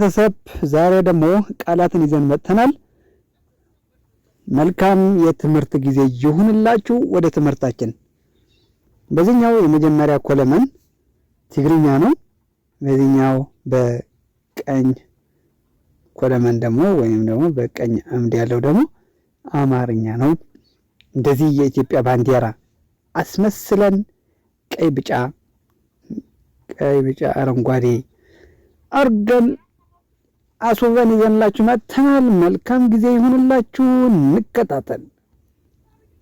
ቤተሰብ ዛሬ ደግሞ ቃላትን ይዘን መጥተናል። መልካም የትምህርት ጊዜ ይሁንላችሁ። ወደ ትምህርታችን በዚህኛው የመጀመሪያ ኮለመን ትግርኛ ነው። በዚህኛው በቀኝ ኮለመን ደግሞ ወይም ደግሞ በቀኝ አምድ ያለው ደግሞ አማርኛ ነው። እንደዚህ የኢትዮጵያ ባንዲራ አስመስለን ቀይ፣ ቢጫ ቀይ፣ ቢጫ፣ አረንጓዴ አርገን አስውበን ይዘንላችሁ መጥተናል። መልካም ጊዜ ይሁንላችሁ። እንቀጣጠል።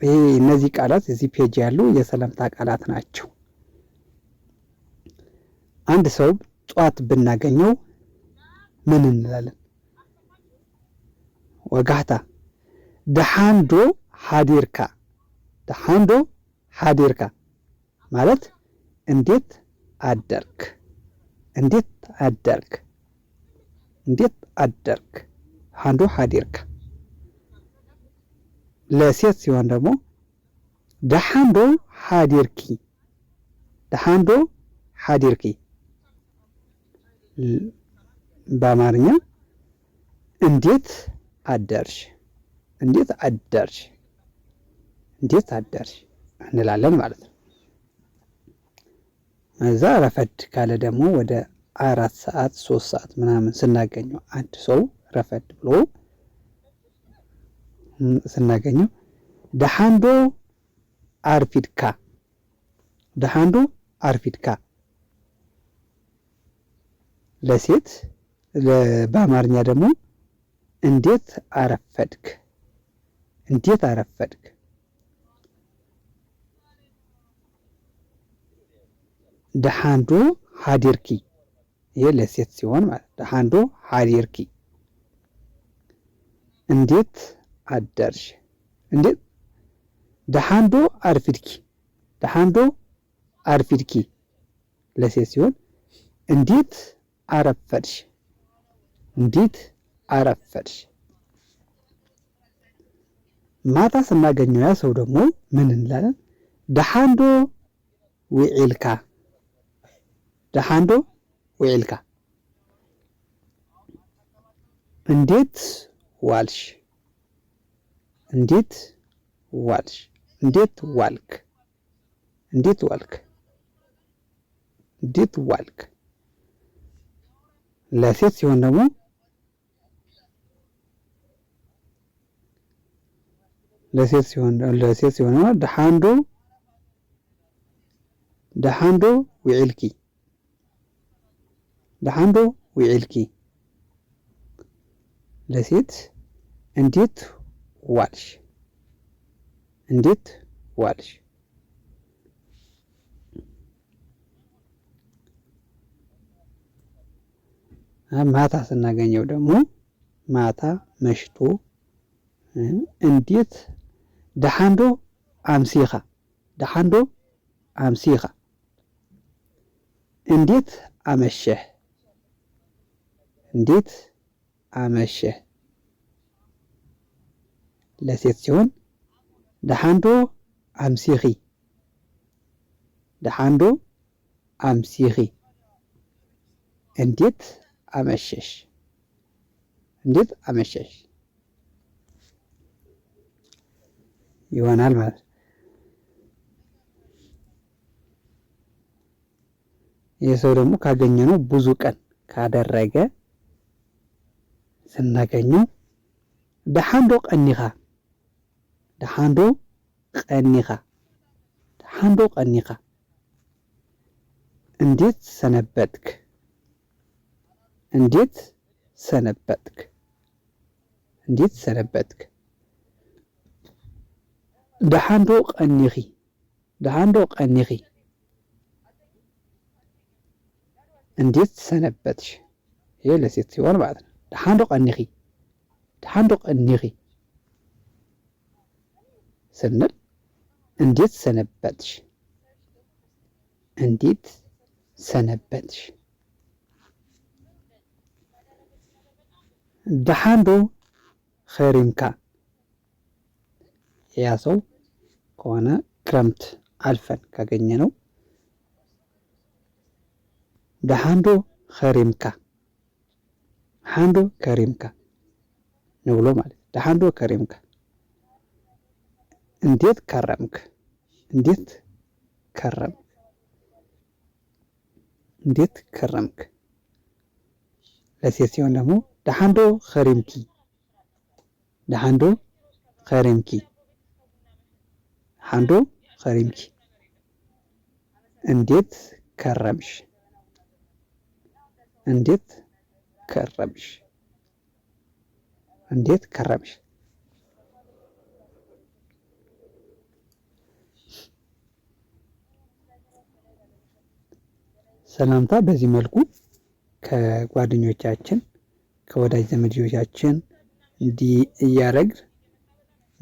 ይህ እነዚህ ቃላት እዚህ ፔጅ ያሉ የሰላምታ ቃላት ናቸው። አንድ ሰው ጠዋት ብናገኘው ምን እንላለን? ወጋህታ ደሓንዶ ሓዲርካ፣ ደሓንዶ ሓዲርካ ማለት እንዴት አደርክ፣ እንዴት አደርክ እንዴት አደርክ ሃንዶ ሀዲርክ ለሴት ሲሆን ደግሞ ደሃንዶ ሀዲርኪ ደሃንዶ ሀዲርኪ በአማርኛ እንዴት አደርሽ እንዴት አደርሽ እንዴት አደርሽ እንላለን ማለት ነው። እዛ ረፈድ ካለ ደግሞ ወደ አራት ሰዓት ሶስት ሰዓት ምናምን ስናገኘው አንድ ሰው ረፈድ ብሎ ስናገኘው ደሃንዶ አርፊድካ ደሃንዶ አርፊድካ ለሴት በአማርኛ ደግሞ እንዴት አረፈድክ እንዴት አረፈድክ ደሃንዶ ሀዲርኪ ይሄ ለሴት ሲሆን ማለት አንዱ ሀዲርኪ እንዴት አደርሽ፣ እንዴት ደሃንዶ አርፊድኪ፣ ደሃንዶ አርፊድኪ ለሴት ሲሆን እንዴት አረፈድሽ፣ እንዴት አረፈድሽ። ማታ ስናገኘው ያ ሰው ደግሞ ምን እንላለን? ደሃንዶ ውዒልካ፣ ደሃንዶ ወይልካ እንዴት ዋልሽ እንዴት ዋልሽ እንዴት ዋልክ እንዴት ዋልክ እንዴት ዋልክ ለሴት ሲሆን ደግሞ ለሴት ሲሆን ለሴት ሲሆን ደሃንዶ ደሃንዶ ውዕልኪ ለሐንዶ ውዕልኪ ለሴት እንዴት ዋልሽ፣ እንዴት ዋልሽ። ማታ ስናገኘው ደግሞ ማታ መሽቶ እንዴት ደሓንዶ አምሲኻ፣ ደሓንዶ አምሲኻ፣ እንዴት አመሸህ እንዴት አመሸህ ለሴት ሲሆን ደሓንዶ አምሲኺ ደሓንዶ አምሲኺ እንዴት አመሸሽ እንዴት አመሸሽ ይሆናል ማለት ነው። ይህ ሰው ደግሞ ካገኘ ነው ብዙ ቀን ካደረገ سنغنيو دحاندو قنيخا دحاندو قنيخا دحاندو قنيخا انديت سنبتك انديت سنبتك انديت سنبتك دحاندو قنيخي دحاندو قنيخي انديت سنبتش هي اللي سيتي ورا بعضنا ሓንዶቕ ኣኒኺ ሓንዶቕ እኒኺ ስንል እንዴት ሰነበትሽ፣ እንዴት ሰነበትሽ። ድሓንዶ ኸሪምካ እያ ሰው ከሆነ ክረምት አልፈን ካገኘ ነው። ደሓንዶ ኸሪምካ ሓንዶ ከሪምካ ንብሎ ማለት ለሃንዶ ከሬምካ እንዴት ከረምክ፣ እንዴት ከረምክ፣ እንዴት ከረምክ። ለሴት ሲሆን ደግሞ ለሃንዶ ከሬምኪ፣ ለሃንዶ ከሪምኪ ሃንዶ ከሬምኪ፣ እንዴት ከረምሽ፣ እንዴት ከረምሽ? እንዴት ከረምሽ? ሰላምታ በዚህ መልኩ ከጓደኞቻችን ከወዳጅ ዘመዶቻችን እንዲህ እያረግን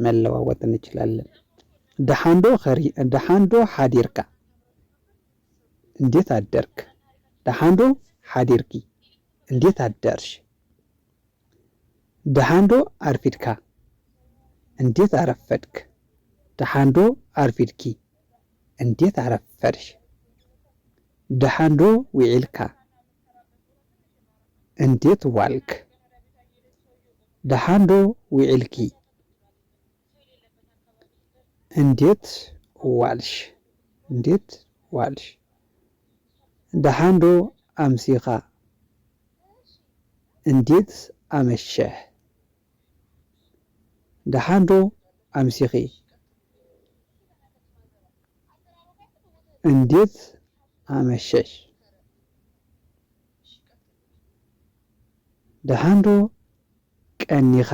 መለዋወጥ እንችላለን። ደሃንዶ ሓዲርካ እንዴት አደርክ? ደሃንዶ ሓዲርኪ እንዴት አዳርሽ? ደሃንዶ አርፊድካ እንዴት አረፈድክ? ደሃንዶ አርፊድኪ እንዴት አረፈድሽ? ደሃንዶ ውዒልካ እንዴት ዋልክ? ደሃንዶ ውዒልኪ እንዴት ዋልሽ? እንዴት ዋልሽ? ደሃንዶ ኣምሲኻ እንዴት አመሸህ? ደሓንዶ አምሲኺ እንዴት አመሸሽ? ደሓንዶ ቀኒኻ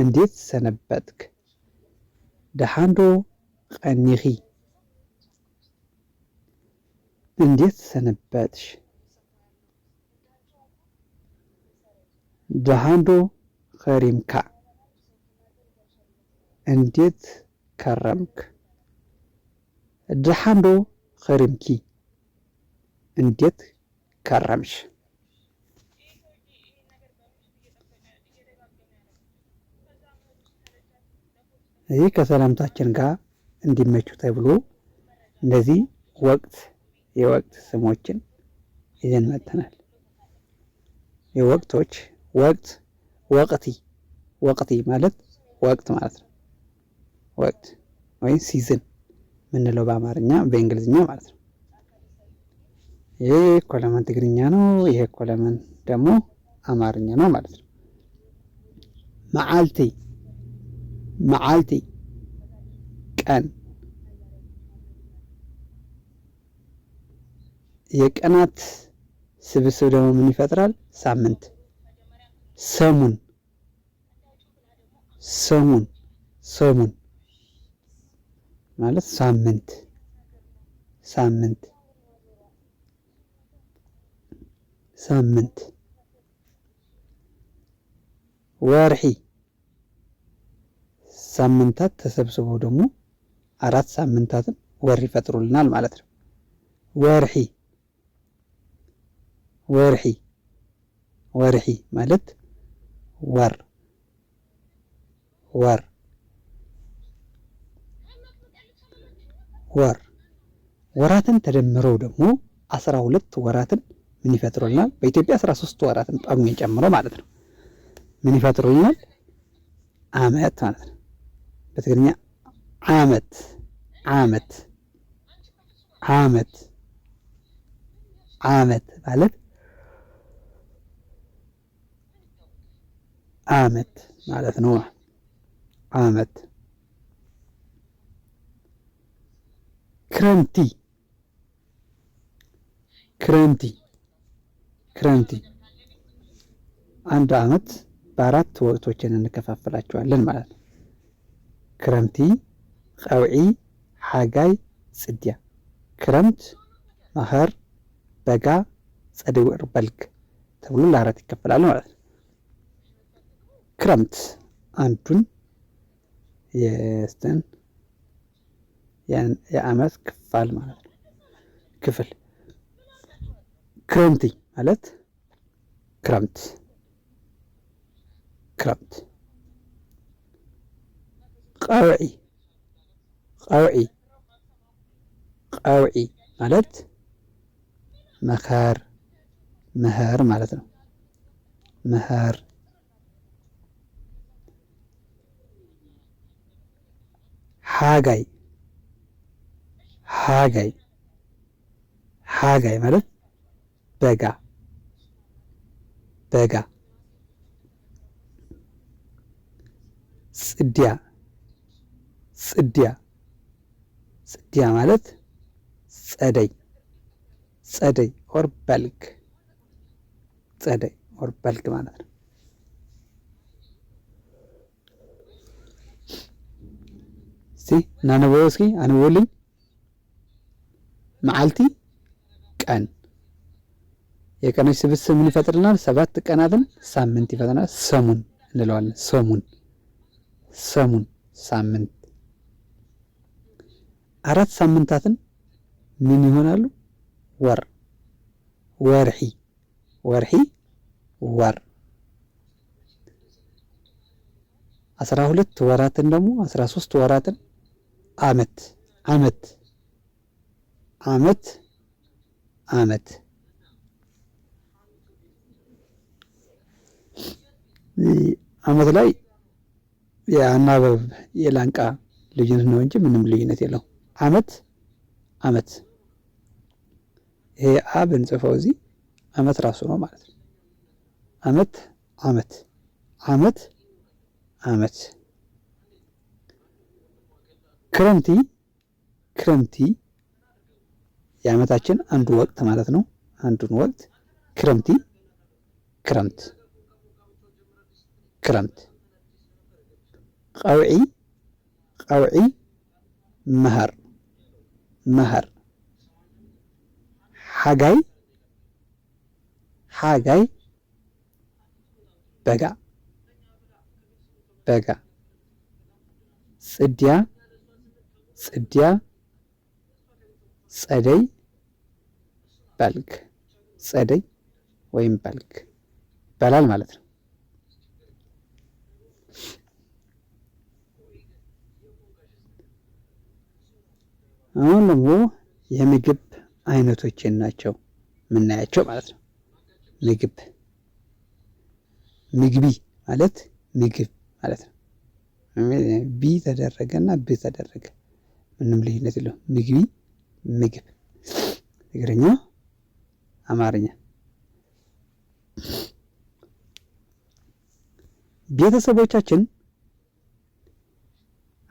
እንዴት ሰነበትክ? ደሓንዶ ቀኒኺ እንዴት ሰነበትሽ? ደሃንዶ ኸሪምካ እንዴት ከረምክ? ደሃንዶ ኸሪምኪ እንዴት ከረምሽ? ይህ ከሰላምታችን ጋር እንዲመቹ ተብሎ እንደዚህ ወቅት የወቅት ስሞችን ይዘን መጥተናል። የወቅቶች ወቅት ወቅቲ ወቅቲ ማለት ወቅት ማለት ነው። ወቅት ወይም ሲዝን የምንለው በአማርኛ በእንግሊዝኛ ማለት ነው። ይሄ ኮለመን ትግርኛ ነው። ይሄ ኮለመን ደግሞ አማርኛ ነው ማለት ነው። መዓልቲ መዓልቲ ቀን የቀናት ስብስብ ደግሞ ምን ይፈጥራል? ሳምንት ሰሙን ሰሙን ሰሙን ማለት ሳምንት ሳምንት ሳምንት ወርሒ ሳምንታት ተሰብስበው ደግሞ አራት ሳምንታትን ወር ይፈጥሩልናል ማለት ነው። ወርሒ ወርሒ ወርሒ ማለት ወር ወር ወር ወራትን ተደምረው ደግሞ አስራ ሁለት ወራትን ምን ይፈጥሩልናል? በኢትዮጵያ አስራ ሶስት ወራትን ጳጉሜን ጨምሮ ማለት ነው። ምን ይፈጥሩልናል? አመት ማለት ነው። በትግርኛ አመት አመት አመት አመት ማለት አመት ማለት ነው። አመት ክረምቲ ክረምቲ ክረምቲ አንድ አመት በአራት ወቅቶችን እንከፋፈላቸዋለን ማለት ነው። ክረምቲ፣ ቀውዒ፣ ሓጋይ፣ ጽድያ። ክረምት፣ መኸር፣ በጋ፣ ጸደይ፣ ወር፣ በልግ ተብሎ ለአራት ይከፈላሉ ማለት ነው። ክረምት አንዱን የስተን የዓመት ክፋል ማለት ነው። ክፍል ክረምቲ ማለት ክረምት ክረምት ቀውዒ ቀውዒ ቀውዒ ማለት መኸር መኸር ማለት ነው። መኸር ಹಾಗೈ ಹಾಗೈ ಹಾಗೈ ማለት በጋ በጋ ጽድያ ጽድያ ጽድያ ማለት ጸደይ ጸደይ ኦር በልግ ጸደይ ኦር በልግ ማለት ነው። እስቲ እናነበቦ እስኪ አንብቦልኝ። መዓልቲ ቀን የቀኖች ስብስብ ምን ይፈጥርናል? ሰባት ቀናትን ሳምንት ይፈጥርናል። ሰሙን እንለዋለን። ሰሙን ሰሙን ሳምንት አራት ሳምንታትን ምን ይሆናሉ? ወር ወርሒ ወርሒ ወር አስራ ሁለት ወራትን ደግሞ አስራ ሶስት ወራትን አመት አመት አመት አመት አመት ላይ የአናበብ የላንቃ ልዩነት ነው እንጂ ምንም ልዩነት የለው። አመት አመት ይሄ አ ብንጽፈው እዚህ አመት ራሱ ነው ማለት ነው። አመት አመት አመት አመት ክረምቲ ክረምቲ የዓመታችን አንዱ ወቅት ማለት ነው። አንዱን ወቅት ክረምቲ ክረምት ክረምት ቀውዒ ቀውዒ መኸር መኸር ሓጋይ ሓጋይ በጋ በጋ ጽድያ ጽድያ፣ ጸደይ፣ በልግ ጸደይ ወይም በልግ ይባላል ማለት ነው። አሁን ደግሞ የምግብ አይነቶችን ናቸው የምናያቸው ማለት ነው። ምግብ ምግቢ ማለት ምግብ ማለት ነው። ቢ ተደረገ እና ብ ተደረገ ምንም ልዩነት የለው። ምግቢ ምግብ፣ ትግርኛ አማርኛ። ቤተሰቦቻችን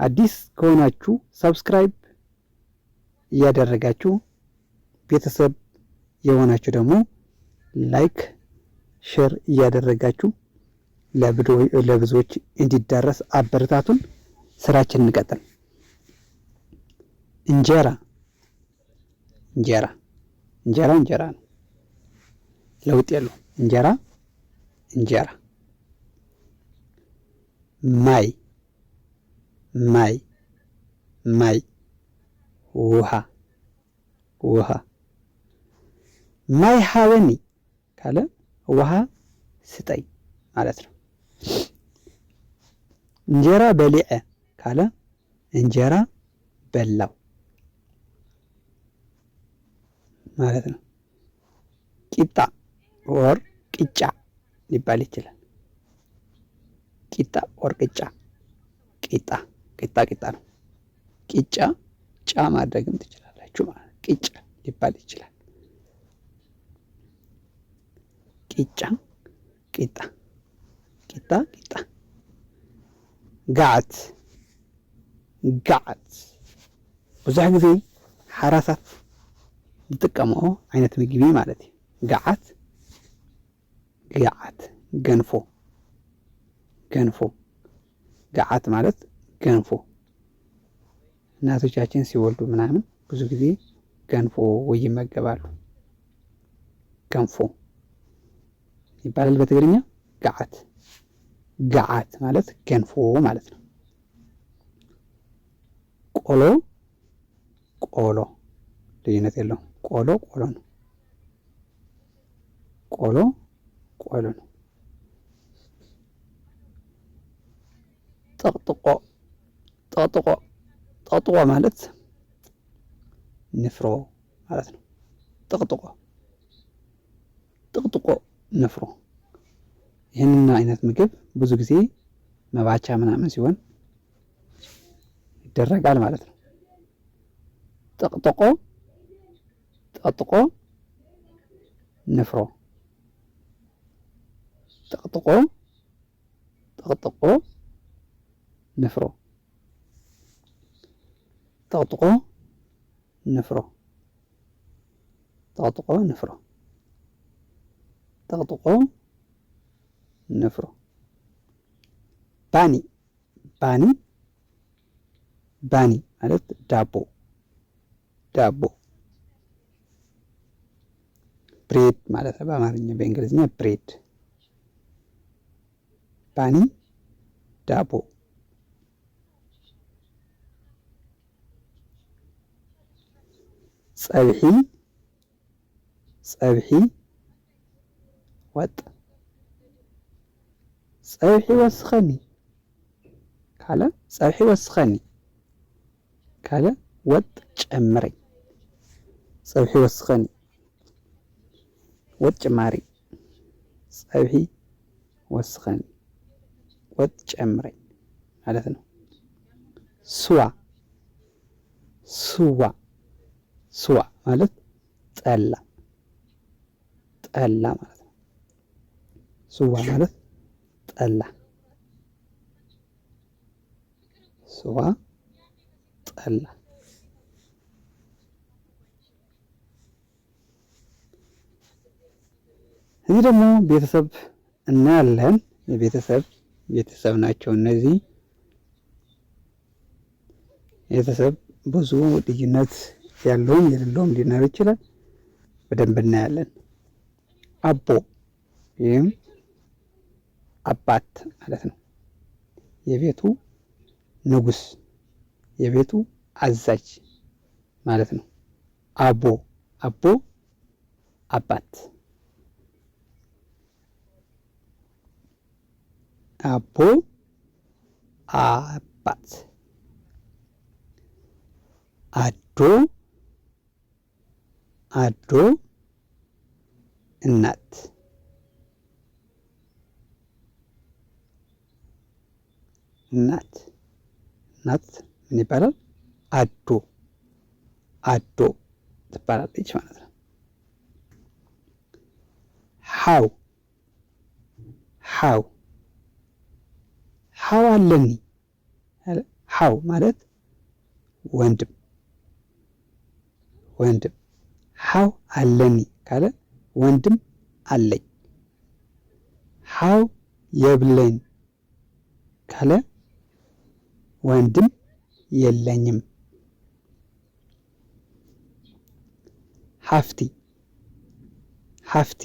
አዲስ ከሆናችሁ ሰብስክራይብ እያደረጋችሁ ቤተሰብ የሆናችሁ ደግሞ ላይክ ሼር እያደረጋችሁ ለብዙዎች እንዲዳረስ አበረታቱን። ስራችን እንቀጥል። እንጀራ እንጀራ እንጀራ እንጀራ ነው። ለውጥ የለው። እንጀራ እንጀራ ማይ ማይ ማይ ውሃ ውሃ ማይ ሀበኒ ካለ ውሃ ስጠኝ ማለት ነው። እንጀራ በሊዐ ካለ እንጀራ በላው ማለት ነው። ቂጣ ወር ቂጫ ሊባል ይችላል። ቂጣ ወር ቂጫ ቂጣ ቂጣ ቂጣ ነው። ቂጫ ጫ ማድረግም ትችላላችሁ ማለት ቂጫ ሊባል ይችላል። ቂጫ ቂጣ ቂጣ ቂጣ ጋት ጋት ብዙሕ ግዜ ሓራሳት ዝጥቀምኦ ዓይነት ምግቢ ማለት እዩ ገዓት ገዓት ገንፎ ገንፎ ገዓት ማለት ገንፎ እናቶቻችን ሲወልዱ ምናምን ብዙ ጊዜ ገንፎ ወይ ይመገባሉ። ገንፎ ይባላል በትግርኛ ገዓት ገዓት ማለት ገንፎ ማለት ነው። ቆሎ ቆሎ ልዩነት የለውም። ቆሎ ቆሎ ነው። ቆሎ ቆሎ ነው። ጠቅጥቆ ጠቅጥቆ ጠቅጥቆ ማለት ንፍሮ ማለት ነው። ጥቅጥቆ ጥቅጥቆ ንፍሮ። ይህንን አይነት ምግብ ብዙ ጊዜ መባቻ ምናምን ሲሆን ይደረጋል ማለት ነው። ጠቅጥቆ ነፍሮ ጠቅጥቆ ጠቅጥቆ ነፍሮ ጠቅጥቆ ነፍሮ ጠቅጥቆ ነፍሮ ጠቅጥቆ ነፍሮ ባኒ ባኒ ባኒ ማለት ዳቦ ዳቦ ብሬድ ማለት ነው በአማርኛ። በእንግሊዝኛ ብሬድ። ባኒ ዳቦ። ጸብሒ ጸብሒ ወጥ። ጸብሒ ወስኸኒ ካለ ጸብሒ ወስኸኒ ካለ ወጥ ጨምረኝ። ጸብሒ ወስኸኒ وتجمري صبحي وسخن وتجمري معناتنا سوا سوا سوا معنات طلا طلا معنات سوا معنات طلا سوا طلا እዚህ ደግሞ ቤተሰብ እናያለን። የቤተሰብ ቤተሰብ ናቸው እነዚህ ቤተሰብ ብዙ ልዩነት ያለውም የሌለውም ሊኖር ይችላል። በደንብ እናያለን። አቦ ይህም አባት ማለት ነው። የቤቱ ንጉስ የቤቱ አዛዥ ማለት ነው። አቦ አቦ አባት አቦ አባት አዶ አዶ እናት እናት እናት ምን ይባላል? አዶ አዶ ትባላለች ማለት ነው። ሀው ሀው ሀው አለኒ ሀው ማለት ወንድም ወንድም ሀው አለኒ ካለ ወንድም አለኝ። ሀው የብለኝ ካለ ወንድም የለኝም። ሀፍቲ ሀፍቲ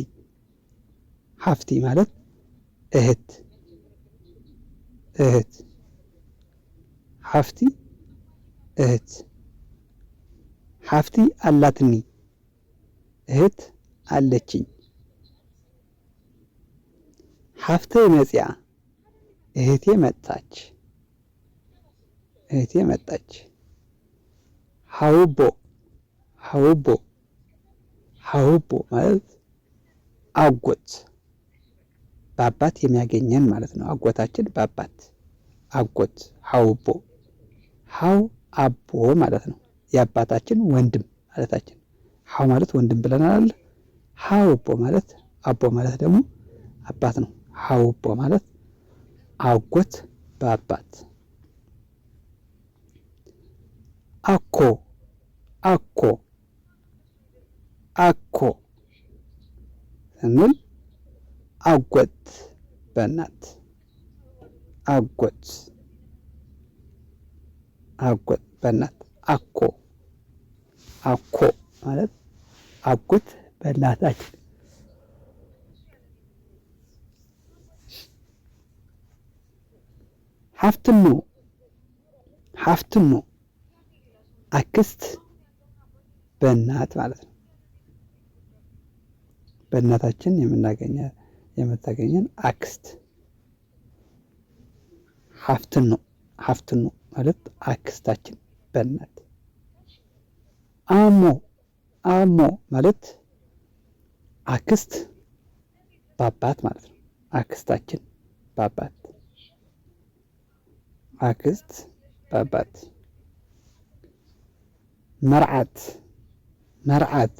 ሀፍቲ ማለት እህት እህት ሀፍቲ እህት ሀፍቲ አላትኒ እህት አለችኝ። ሓፍተይ መጽያ እህቴ መጣች እህቴ መጣች። ሃውቦ ሃውቦ ሃውቦ ማለት አጎት በአባት የሚያገኘን ማለት ነው። አጎታችን በአባት አጎት ሀውቦ ሀው አቦ ማለት ነው። የአባታችን ወንድም ማለታችን ሀው ማለት ወንድም ብለናል። ሀውቦ ማለት አቦ ማለት ደግሞ አባት ነው። ሀውቦ ማለት አጎት በአባት አኮ አኮ አኮ ስንል አጎት በእናት አጎት አጎት በእናት አኮ አኮ ማለት አጎት በእናታችን ሀፍትኖ ሀፍትኖ አክስት በእናት ማለት ነው። በእናታችን የምናገኘ የምታገኘን አክስት ሀፍትን ነው ሀፍትን ነው ማለት አክስታችን በእናት አሞ አሞ ማለት አክስት በአባት ማለት ነው። አክስታችን በአባት አክስት በአባት መርዓት መርዓት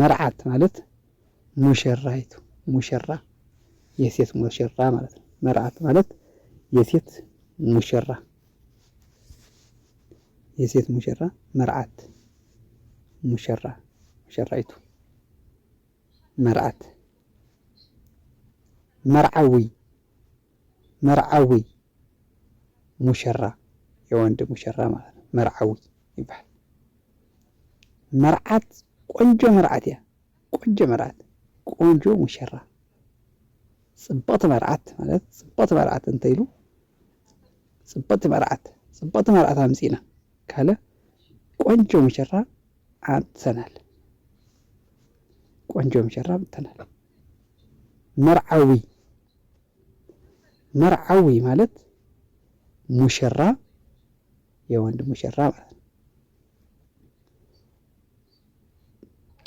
መርዓት ማለት ሙሽራይቱ ሙሽራ የሴት ሙሽራ ማለት ነው። መርዓት ማለት የሴት ሙሽራ የሴት ሙሽራ መርዓት ሙሽራ ሙሽራይቱ መርዓት መርዓዊ መርዓዊ ሙሽራ የወንድ ሙሽራ ማለት ነው። መርዓዊ ይባል መርዓት ቆንጆ መርዓት እያ ቆንጆ መርዓት ቆንጆ ሙሽራ ፅብቕቲ መርዓት ማለት ፅብቕቲ መርዓት እንተኢሉ ፅብቕቲ መርዓት ፅብቕቲ መርዓት ኣምፂና ካለ ቆንጆ ሙሽራ ኣምጥተናል ቆንጆ ሙሽራ ኣምጥተናል መርዓዊ መርዓዊ ማለት ሙሽራ የወንድ ሙሽራ ማለት ነው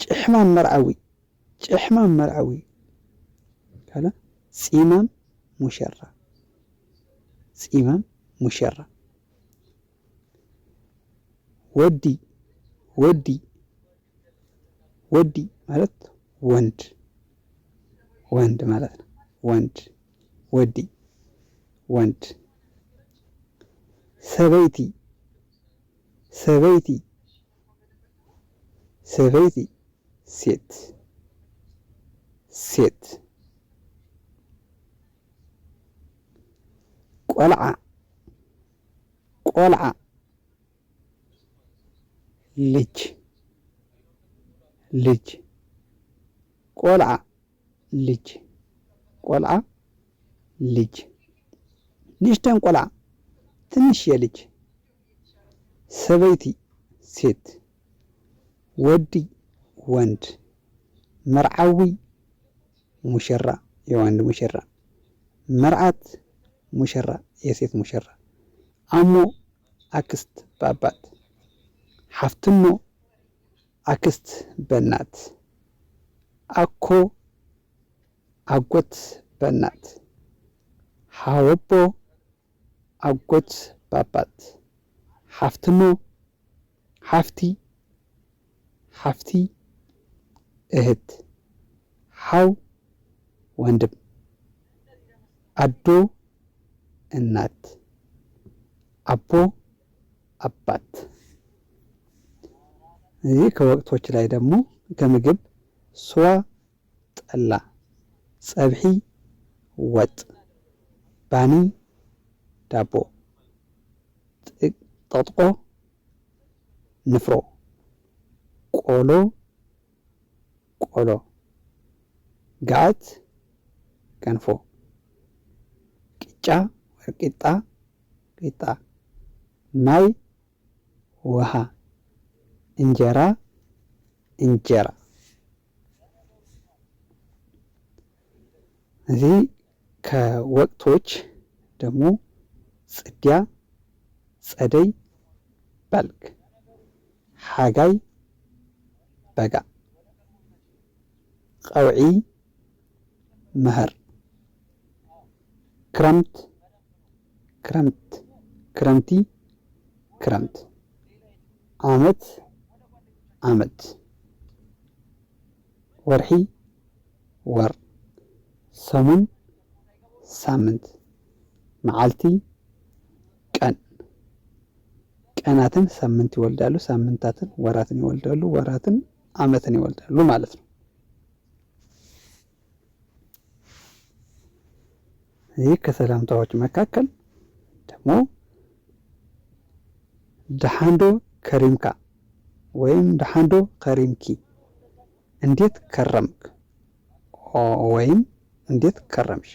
ጭሕማም መርዓዊ ጭሕማም መርዓዊ ካለ ፂማም ሙሸራ ፂማም ሙሸራ ወዲ ወዲ ወዲ ማለት ወንድ ወንድ ማለት ነው። ወንድ ወዲ ወንድ ሰበይቲ ሰበይቲ ሰበይቲ ሴት ሴት ቆልዓ ቆልዓ ልጅ ልጅ ቆልዓ ልጅ ቆልዓ ልጅ ንእሽተን ቆልዓ ትንሽ የልጅ ሰበይቲ ሴት ወዲ ወንድ መርዓዊ ሙሽራ የወንድ ሙሽራ መርዓት ሙሽራ የሴት ሙሽራ አሞ አክስት በአባት ሓፍትኖ አክስት በናት አኮ አጎት በናት ሓወቦ አጎት በአባት ሓፍትኖ ሓፍቲ ሓፍቲ እህት፣ ሀው ወንድም፣ አዶ እናት፣ አቦ አባት። እዚህ ከወቅቶች ላይ ደግሞ ከምግብ ስዋ ጠላ፣ ጸብሒ ወጥ፣ ባኒ ዳቦ፣ ጠጥቆ ንፍሮ፣ ቆሎ ቆሎ፣ ጋት ገንፎ፣ ቂጫ ወርቂጣ ቂጣ፣ ማይ ውሃ፣ እንጀራ እንጀራ። እዚህ ከወቅቶች ደግሞ ጽድያ፣ ጸደይ፣ በልግ፣ ሓጋይ፣ በጋ ቀውዒ መኸር ክረምት ክረምት ክረምቲ ክረምት ዓመት ዓመት ወርሒ ወር ሰሙን ሳምንት መዓልቲ ቀን ቀናትን ሳምንት ይወልዳሉ። ሳምንታትን ወራትን ይወልዳሉ። ወራትን ዓመትን ይወልዳሉ ማለት ነው። ይህ ከሰላምታዎች መካከል ደግሞ ደሓንዶ ከሪምካ ወይም ደሓንዶ ከሪምኪ እንዴት ከረምክ ወይም እንዴት ከረምሽ።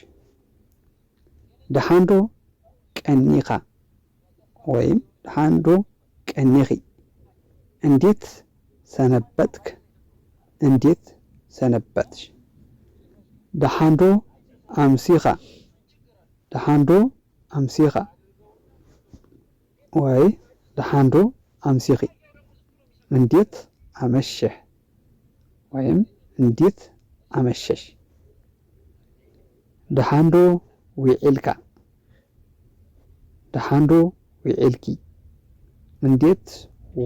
ደሓንዶ ቀኒኻ ወይም ደሓንዶ ቀኒኺ እንዴት ሰነበትክ እንዴት ሰነበትሽ። ደሓንዶ አምሲኻ ደሓንዶ ኣምሲኻ ወይ ደሓንዶ ኣምሲኺ እንዴት አመሸህ ወይም እንዴት አመሸሽ ደሓንዶ ውዒልካ ደሓንዶ ውዒልኪ እንዴት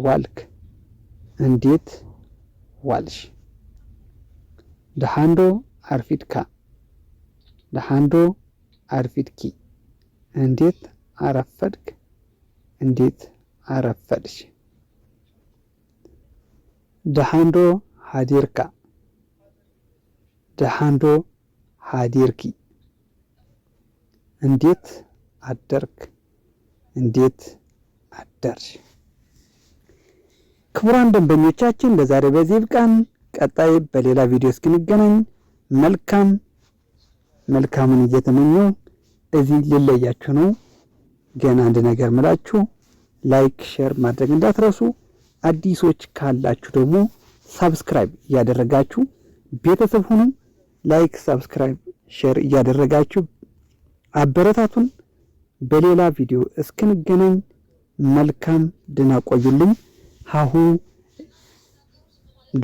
ዋልክ እንዴት ዋልሽ ደሓንዶ ዓርፊድካ ደሓንዶ አርፊድኪ እንዴት አረፈድክ፣ እንዴት አረፈድሽ። ደሃንዶ ሃዲርካ ደሃንዶ ሃዲርኪ እንዴት አደርክ፣ እንዴት አደርሽ። ክቡራን ደንበኞቻችን ለዛሬ በዚህ ብቃን። ቀጣይ በሌላ ቪዲዮ እስክንገናኝ መልካም መልካምን እየተመኘው እዚህ ልለያችሁ ነው። ገና አንድ ነገር ምላችሁ ላይክ፣ ሼር ማድረግ እንዳትረሱ። አዲሶች ካላችሁ ደግሞ ሳብስክራይብ እያደረጋችሁ ቤተሰብ ሁኑ። ላይክ፣ ሳብስክራይብ፣ ሼር እያደረጋችሁ አበረታቱን። በሌላ ቪዲዮ እስክንገናኝ መልካም ደህና ቆዩልኝ። ሀሁ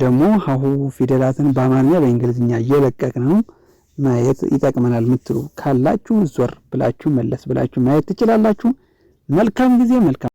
ደግሞ ሀሁ ፊደላትን በአማርኛ በእንግሊዝኛ እየለቀቅን ነው። ማየት ይጠቅመናል የምትሉ ካላችሁ ዞር ብላችሁ መለስ ብላችሁ ማየት ትችላላችሁ። መልካም ጊዜ መልካም